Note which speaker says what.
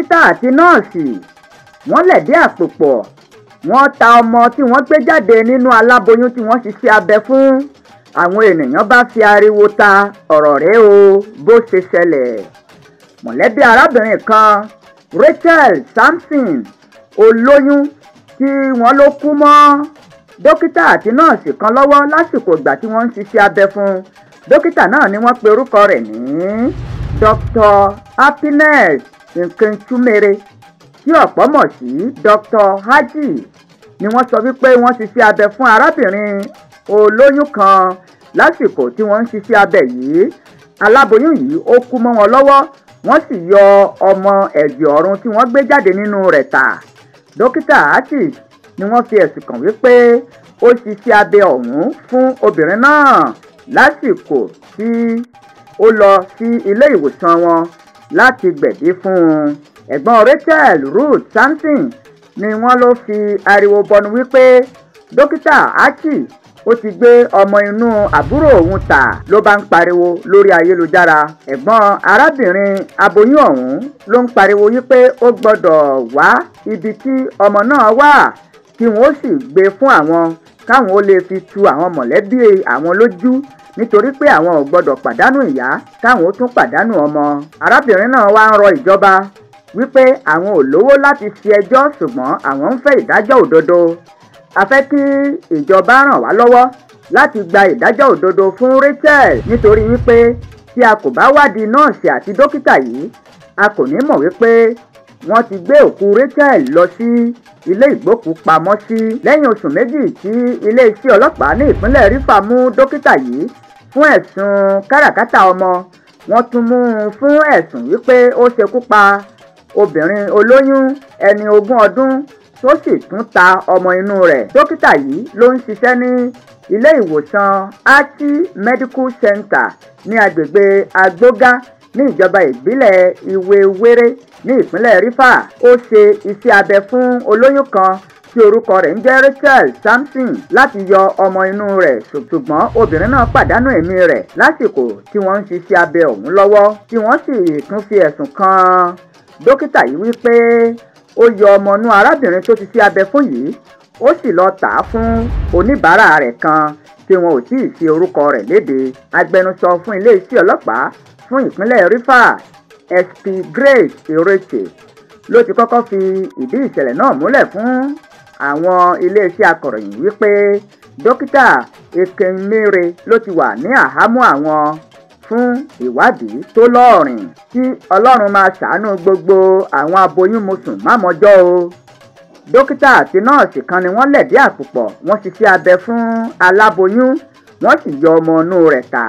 Speaker 1: dókítà àti nọ́ọ̀sì wọ́n lẹ̀dí àpò pọ̀ wọ́n ta ọmọ tí wọ́n gbé jáde nínú aláboyún tí wọ́n ṣiṣẹ́ abẹ fún àwọn ènìyàn bá fi ariwo ta ọ̀rọ̀ rẹ o bó ṣe ṣẹlẹ̀ mọ̀lẹ́bí arábìnrin kan Rachel Samson olóyún tí wọ́n ló kú mọ́ dókítà àti nọ́ọ̀sì kan lọ́wọ́ lásìkò ìgbà tí wọ́n ń ṣiṣẹ́ abẹ fún dókítà náà ni wọ́n pe orúkọ rẹ̀ ní Dr. Happiness nǹkan túmere tí ọ̀pọ̀ mọ̀ sí dr haji ni wọ́n sọ wípé wọ́n ṣiṣẹ́ abẹ fún arábìnrin olóyún kan lásìkò tí wọ́n ń ṣiṣẹ́ abẹ yìí aláboyún yìí ó kú mọ́ wọn lọ́wọ́ wọ́n sì yọ ọmọ ẹ̀jẹ̀ ọ̀run tí wọ́n gbé jáde nínú rẹ̀ tà dókítà haji ni wọ́n fi ẹ̀sùn kàn wípé ó ṣiṣẹ́ abẹ ọ̀hún fún obìnrin náà lásìkò tí ó lọ sí ilé ìwòsàn wọn láti gbẹ̀bí fún un ẹ̀gbọ́n rachel ruth samson ni wọ́n ló fi ariwo bọnu wípé dókítà achi ó ti gbé ọmọ inú àbúrò òun tà ló bá ń pariwo lórí ayélujára ẹ̀gbọ́n arábìnrin aboyún ọ̀hún ló ń pariwo wípé ó gbọ́dọ̀ wá ibi tí ọmọ náà wà kí wọ́n sì gbé fún àwọn káwọn ó lè fi tu àwọn mọ̀lẹ́bí àwọn lójú nítorí pé àwọn ò gbọdọ̀ pàdánù ìyá táwọn ó tún pàdánù ọmọ. arábìnrin náà wá ń rọ ìjọba wípé àwọn ò lówó láti fi ẹjọ́ ṣùgbọ́n àwọn ń fẹ́ ìdájọ́ òdodo a fẹ́ kí ìjọba ràn wá lọ́wọ́ láti gba ìdájọ́ òdodo fún Rachel nítorí wípé tí a kò bá wádìí nọ́ọ̀sì àti dókítà yìí a kò ní mọ̀ wípé wọ́n ti gbé òkú rachel lọ sí ilé ìgbókùúpamọ́sí lẹ́yìn oṣù méjì tí iléeṣẹ́ ọlọ́pàá ní ìpínlẹ̀ rífà mú dókítà yìí fún ẹ̀sùn káràkátà ọmọ wọ́n tún mú un fún ẹ̀sùn wípé ó ṣekú pa obìnrin olóyún ẹni ogún ọdún tó sì tún ta ọmọ inú rẹ̀ dókítà yìí ló ń ṣiṣẹ́ ní ilé ìwòsàn archi medical center ní agbègbè agbóga ní ìjọba ìbílẹ̀ ìwé wéré ní ìpínlẹ̀ Rifà ó ṣe iṣẹ́ abẹ fún olóyún kan tí orúkọ rẹ̀ ń jẹ́ Rachel Samson láti yọ ọmọ inú rẹ̀ ṣùgbọ́n obìnrin náà pàdánù ẹ̀mí rẹ̀ lásìkò tí wọ́n ń ṣiṣẹ́ abẹ ọ̀hún lọ́wọ́ tí wọ́n sì tún fi ẹ̀sùn kan dókítà yìí wípé ó yọ ọmọ inú arábìnrin tó ti ṣe abẹ fún yìí ó sì lọ tà á fún oníbàárà rẹ̀ kan tí wọn ò tí ì fi orúkọ rẹ̀ léde agbẹnusọ fún iléeṣẹ́ ọlọ́pàá fún ìpínlẹ̀ Rivers sp grace irete ló ti kọ́kọ́ fi ìdí ìṣẹ̀lẹ̀ náà múlẹ̀ fún àwọn iléeṣẹ́ akọ̀ròyìn wípé dókítà ekemire ló ti wà ní àhámọ́ àwọn fún ìwádìí tó lọ́ọ̀rìn kí ọlọ́run máa ṣàánú gbogbo àwọn aboyún mosùn mámọ́jọ́ o dókítà àti nọ́ọ̀sì kan ni wọ́n lẹ̀dí àpòpọ̀ wọ́n ṣiṣẹ́ abẹ fún aláboyún wọ́n sì yọ ọmọ inú rẹ̀ tà